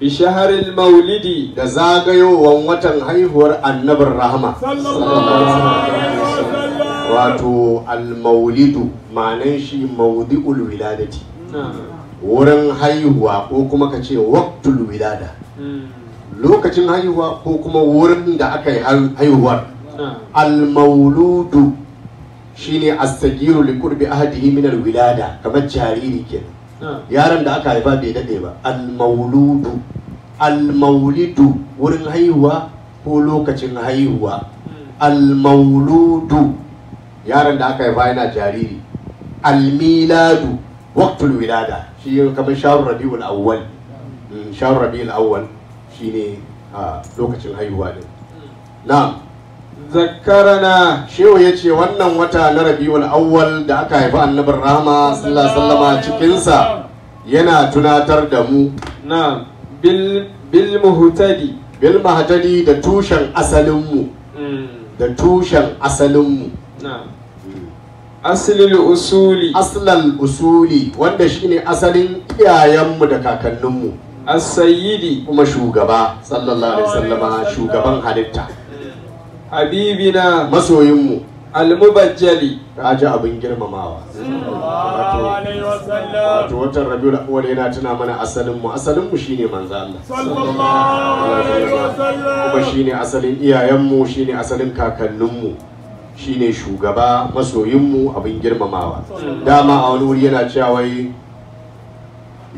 bishaharil maulidi da zagayowar watan haihuwar annabin rahama wato almaulidu ma'anan shi maudi'ul wiladati wurin haihuwa ko kuma ka ce waktul wilada lokacin haihuwa ko kuma wurin da aka yi haihuwar almauludu shine as-sagiru li qurbi ahadihi min wilada kamar jariri kenan yaron da aka haifa bai daɗe ba al-mawludu. al almaulidu wurin haihuwa ko lokacin haihuwa al al-mauludu yaron da aka haifa yana jariri almiladu waqtul wilada shi kamar sharu rabiul awwal hmm, sharu rabiul awwal shine ah, lokacin haihuwa din na'am zakkarana shehu ya ce wannan wata na rabiul awwal da aka haifi annabin rahama sallallahu sallama cikinsa yana tunatar da mu na bil muhtadi bil muhtadi da tushen mu hmm. da tushen asalinmu hmm. asalil usuli aslal usuli wanda shine asalin iyayenmu da kakanninmu as-sayyidi kuma shugaba sallallahu alaihi wasallama shugaban halitta habibina masoyinmu almubajjali Raja abin girmamawa wato wata rabiul awwal yana tuna mana asalin mu asalin mu shine manzo Allah kuma shine asalin iyayen mu shine asalin kakannin mu shine shugaba masoyin mu abin girmamawa dama a wani wuri yana cewa wai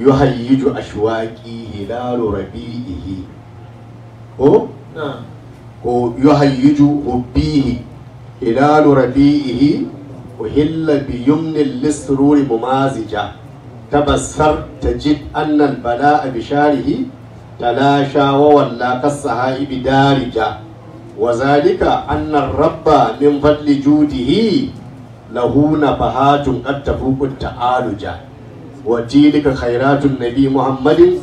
yuhayyiju ashwaqi hilalu rabi'ihi rabi, na'am ko yuhayyiju hubbihi hilalu rabi'ihi wa hilla bi yumni lisruri mumazija tabassar tajid annal bala'a bisharihi talasha wa wallaka sahaibi darija wa zalika annar rabba min fadli judihi lahu nafahatun qad tafuqu ta'aluja wa tilika khairatun nabi muhammadin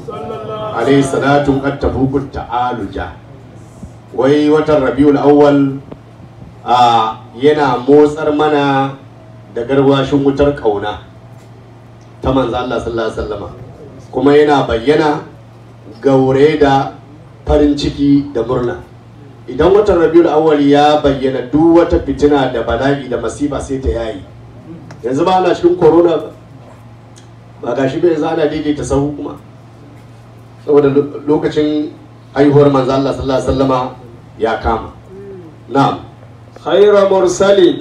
alayhi salatu qad tafuqu ta'aluja wai watan rabiul awwal yana motsar mana da garwashin wutar kauna ta manzo Allah sallallahu alaihi wasallama kuma yana bayyana gaure da farin ciki da murna idan watan rabiul awwal ya bayyana duk wata fitina da bala'i da masifa sai ta yayi yanzu ba ana cikin corona ba gashi bai yanzu ana daidaita sahu kuma saboda lokacin haihuwar manzo Allah sallallahu alaihi wasallama ya kama na'am khayra mursalin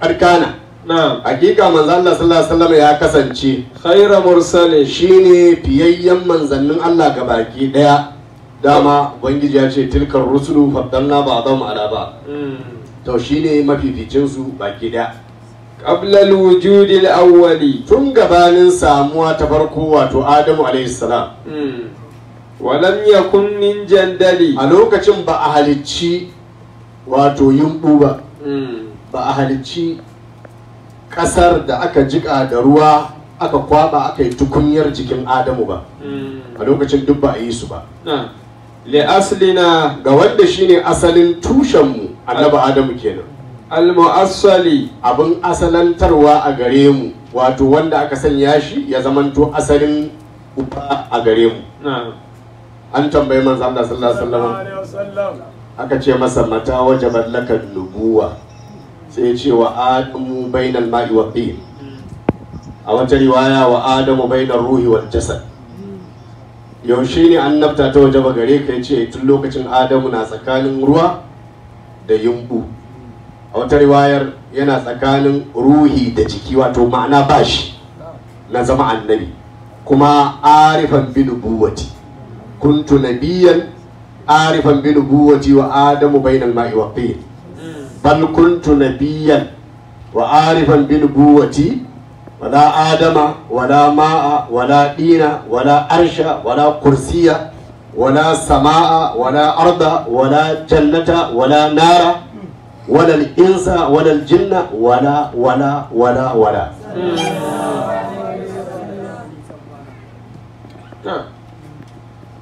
karkana na'am hakika manzo Allah sallallahu alaihi wasallama ya kasance khayra mursalin shine fiyayyen manzannin Allah ga baki daya dama ubangiji ya ce tilkar rusulu ba ba'dhum ala ba hmm. to shine mafificin su baki daya qablal wujudil Auwali. tun gabanin samuwa ta farko wato adamu alaihi salam hmm. walam yakun min jandali a lokacin ba halicci wato yumbu ba hmm. ba halicci ƙasar da aka jiƙa da ruwa aka kwaɓa aka yi tukunyar jikin adamu ba hmm. a lokacin duk ba a su ba ah. li ga wanda shine asalin tushen tushenmu annabi adamu kenan almu'assali abin asalantarwa a gare mu wato wanda aka sanya shi ya zamanto asalin uba a gare mu an tambayi manzo Allah sallallahu alaihi wasallam aka ce masa mata waje ballakan nubuwa sai ce wa adamu bainal ma'i wa tin a wata riwaya wa adamu bainar ruhi wal jasad yaushe ne an nafta ta wajaba gare ka ce tun lokacin adamu na tsakanin ruwa da yumbu a wata riwayar yana tsakanin ruhi da jiki wato ma'ana bashi na zama annabi kuma arifan bin nubuwati kuntu nabiyan arifan bin buwati wa adamu bainan ma'i wa fiye bal kuntu nabiyan wa arifan bin buwati wala adama wala ma'a wala dina wala arsha wala kursiya wala sama'a wala arda wala jannata wala nara walal insa walal jinna wala wala wala wala hmm. ah.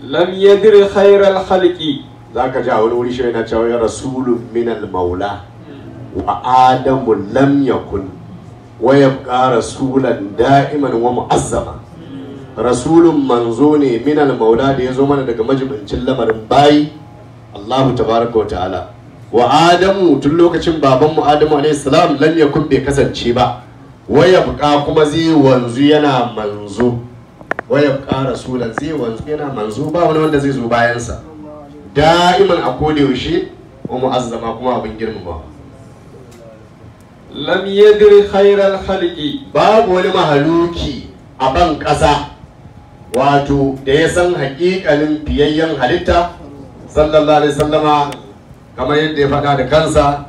lam yadri khairal khalqi zaka ji a wani wuri shi yana cewa ya rasulun minal maula hmm. wa adamu lam yakun wa yabqa rasulan da'iman wa mu'azzama hmm. rasulun manzo ne minan maula da ya zo mana daga majibincin lamarin bayi Allahu tabaraka wa ta'ala wa adamu tun lokacin babanmu adamu alaihi salam lam yakun bai kasance ba waya buka kuma zai wanzu yana manzo waya buka rasulan zai wanzu yana manzo ba wani wanda zai zo bayansa da'iman a koda yaushe wa mu'azzama kuma abin girmama lam yadri khairal khalqi babu wani mahaluki a ban kasa wato da ya san hakikalin fiyayyen halitta sallallahu alaihi sallama kamar yadda ya faɗa da kansa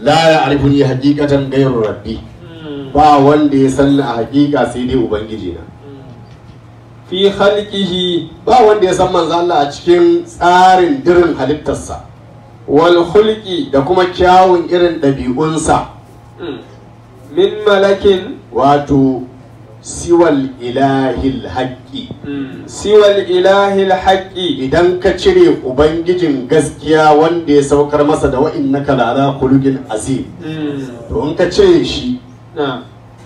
la ya arifuni hakikatan gairu rabbi hmm. ba wanda ya san a hakika sai dai ubangiji na hmm. fi khalqihi ba wanda ya san manzo Allah a cikin tsarin dirin halittarsa wal khulqi da kuma kyawun irin ɗabi'unsa hmm. min malakin wato siwal ilahil haƙƙi hmm. siwal ilahil haƙƙi idan ka cire ubangijin gaskiya wanda ya saukar masa da wa'in na kalala kulugin azim hmm. to in ka cire shi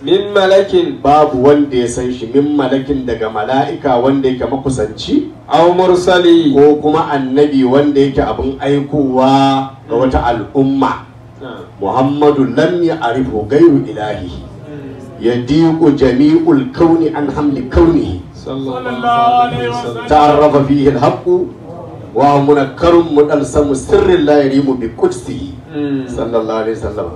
min malakin babu wanda ya san shi min malakin daga mala'ika wanda yake makusanci aw mursali ko kuma annabi wanda yake abin aikowa ga wata hmm. al'umma muhammadu lam ya arifu gairu ilahihi يضيق جميع الكون عن حمل كونه صلى الله عليه وسلم تعرف فيه الحق ومنكر مدلسم سر لا يريم بقدسه صلى الله عليه وسلم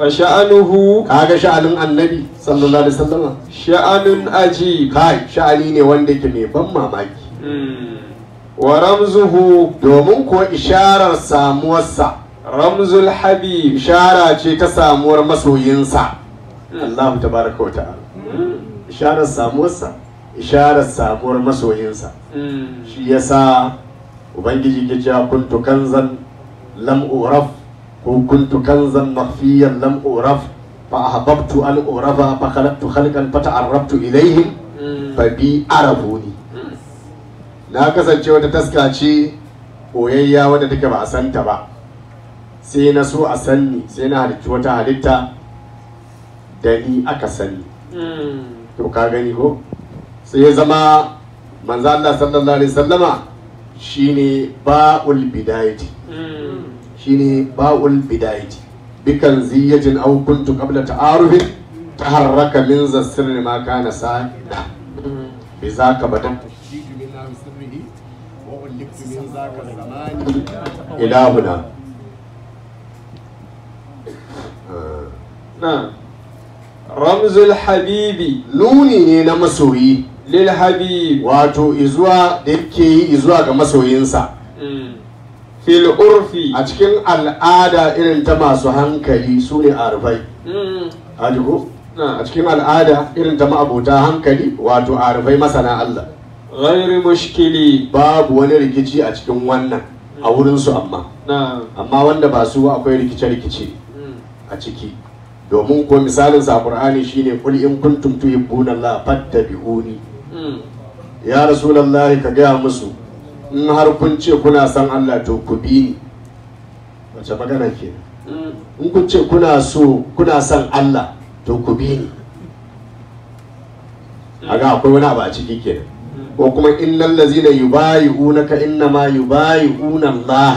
فشأنه كاغا شأن النبي صلى الله عليه وسلم شأن عجيب كاي شأني ne wanda yake mai ban mamaki wa ramzuhu domin kuwa isharar samuwarsa ramzul habib ishara ce ta samuwar masoyinsa Allah ta baraka wa ta'ala isharar samuwarsa isharar samuwar masoyinsa mm. shi yasa ubangiji ke cewa kuntu kanzan lam uraf ko kuntu kanzan mafiyan lam uraf fa ahbabtu an urafa fa khalaqtu khalqan fa ta'arrabtu ilayhim mm. fa bi arafuni na kasance wata taska ce koyayya wadda take ba a santa ba sai na so a sanni sai na halitta wata halitta da aka sani hmm. to ka gani ko sai ya zama manzo Allah sallallahu alaihi wasallama shine ba'ul bidayati hmm. shine ba'ul bidayati bikan ziyajin aw kuntu qabla ta'arufin taharraka min zasirri ma kana sa'ida hmm. bi zaka badan ilahuna نعم ramzul habibi nuni ne na masoyi lil habib wato izuwa da yake yi izuwa ga masoyinsa mm. fil urfi a cikin al'ada irin ta masu hankali su ne arifai mm. ajiku a cikin al'ada irin ta ma'abota hankali wato arifai masana Allah ghairi mushkili babu wani rikici a cikin wannan a wurinsu amma amma wanda ba su akwai rikice-rikice mm. a ciki domin ko misalin sa qur'ani shine qul in kuntum tuhibbuna Allah fattabi'uni hmm. ya rasulullahi ka gaya musu in har kun ce kuna san Allah to ku bi ni wace magana ke hmm. in kun ce kuna so kuna san Allah to ku bi ni hmm. aga akwai wani abu a ciki kenan ko kuma innal ladzina yubayi'unaka innama yubayi'una Allah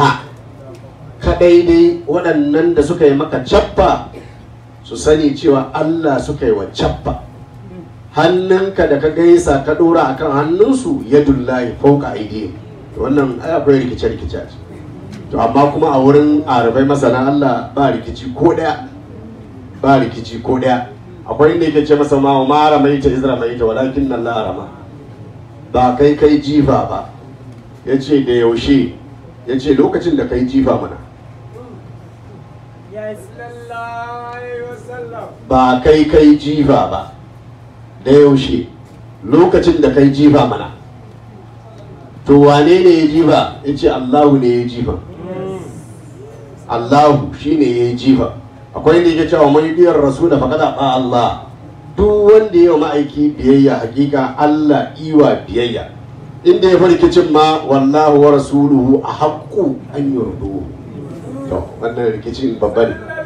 kadai dai waɗannan da suka yi maka cappa su sani cewa Allah suka yi wa cappa hannunka da ka gaisa ka dora kan hannunsu ya dullahi fauka To wannan akwai rikice rikice to amma kuma a wurin arabai masana Allah ba rikici ko daya ba rikici ko daya akwai inda yake ce masa ma mai ta izra maita walakin nan larama ba kai kai jifa ba yace da yaushe yace lokacin da kai jifa mana ba kai kai jifa ba da yaushe lokacin da kai jifa mana to wane ne ya jifa ya ce allahu ne ya jifa allahu shi ne ya jifa akwai ne ya wa mai biyar rasu da faka a allah duk wanda ya ma'aiki biyayya hakika allah iwa biyayya inda ya rikicin ma wallahu wa rasuluhu a haƙƙu an yi wannan rikicin babba ne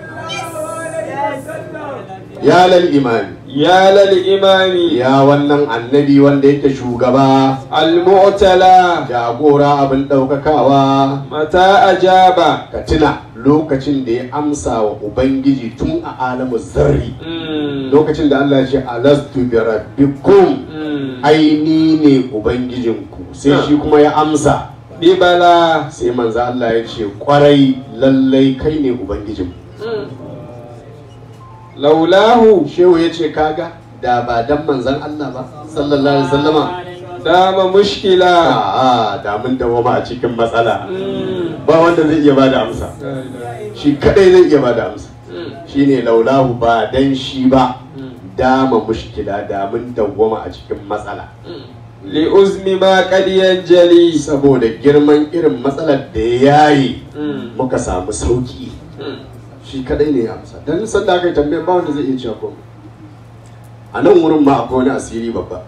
ya lal imami ya lal imani. ya wannan annabi wanda yake shugaba al-mu'tala jagora abin daukakawa mata ajaba ka tuna lokacin da ya amsa wa ubangiji tun a alamu zarri hmm. lokacin da Allah ya ce alastu bi rabbikum hmm. aini ne ubangijinku sai shi kuma ya amsa bibala sai manzo Allah ya ce kwarai lallai kai ne Ubangijin. Hmm. laulahu shehu ya ce kaga da ba dan manzan Allah ba sallallahu alaihi wasallama dama mushkila a da mun dawo ba a cikin matsala hmm. ba wanda zai iya bada amsa shi kadai zai iya bada amsa hmm. shine laulahu ba dan shi ba hmm. dama mushkila da mun dawwama a cikin matsala li uzmi ma qadiyan jali saboda girman irin matsalar da yayi muka samu sauki shi kadai ne ya amsa dan san da kai tambayar ba wanda zai iya cewa komai a nan wurin ma akwai wani asiri babba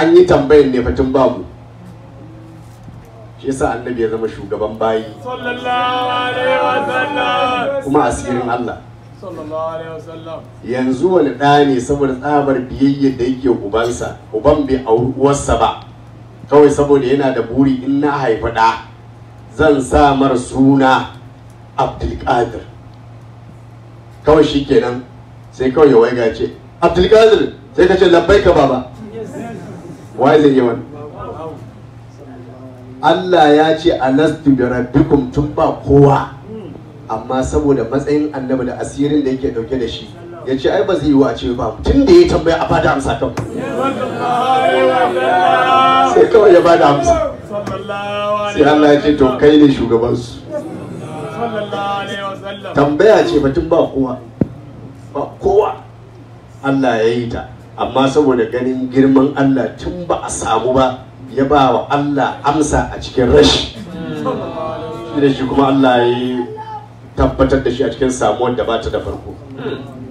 an yi tambayar ne fatin babu shi yasa annabi ya zama shugaban bayi sallallahu alaihi wasallam kuma asirin Allah yanzu wani ɗa ne saboda tsabar biyayya da yake ubansa uban bai auri uwarsa ba kawai saboda yana da buri in na haifi ɗa zan sa mar suna abdulkadir kawai shi kenan sai kawai ya waiga ce abdulkadir sai ka ce labbai ka baba waye zai yi wani Allah ya ce alastu da rabbikum tun ba kowa amma saboda matsayin annabi da asirin da yake dauke da shi ya ce ai ba zai yi wa ce ba tun da ya tambaya a bada amsa kan sai kawai ya bada amsa sai Allah ya ce to kai ne shugabansu tambaya ce batun ba kowa ba kowa Allah ya yi ta amma saboda ganin girman Allah tun ba a samu ba ya ba wa Allah amsa a cikin rashi da shi kuma Allah ya tabbatar da shi a cikin samuwar da ba ta da farko hmm.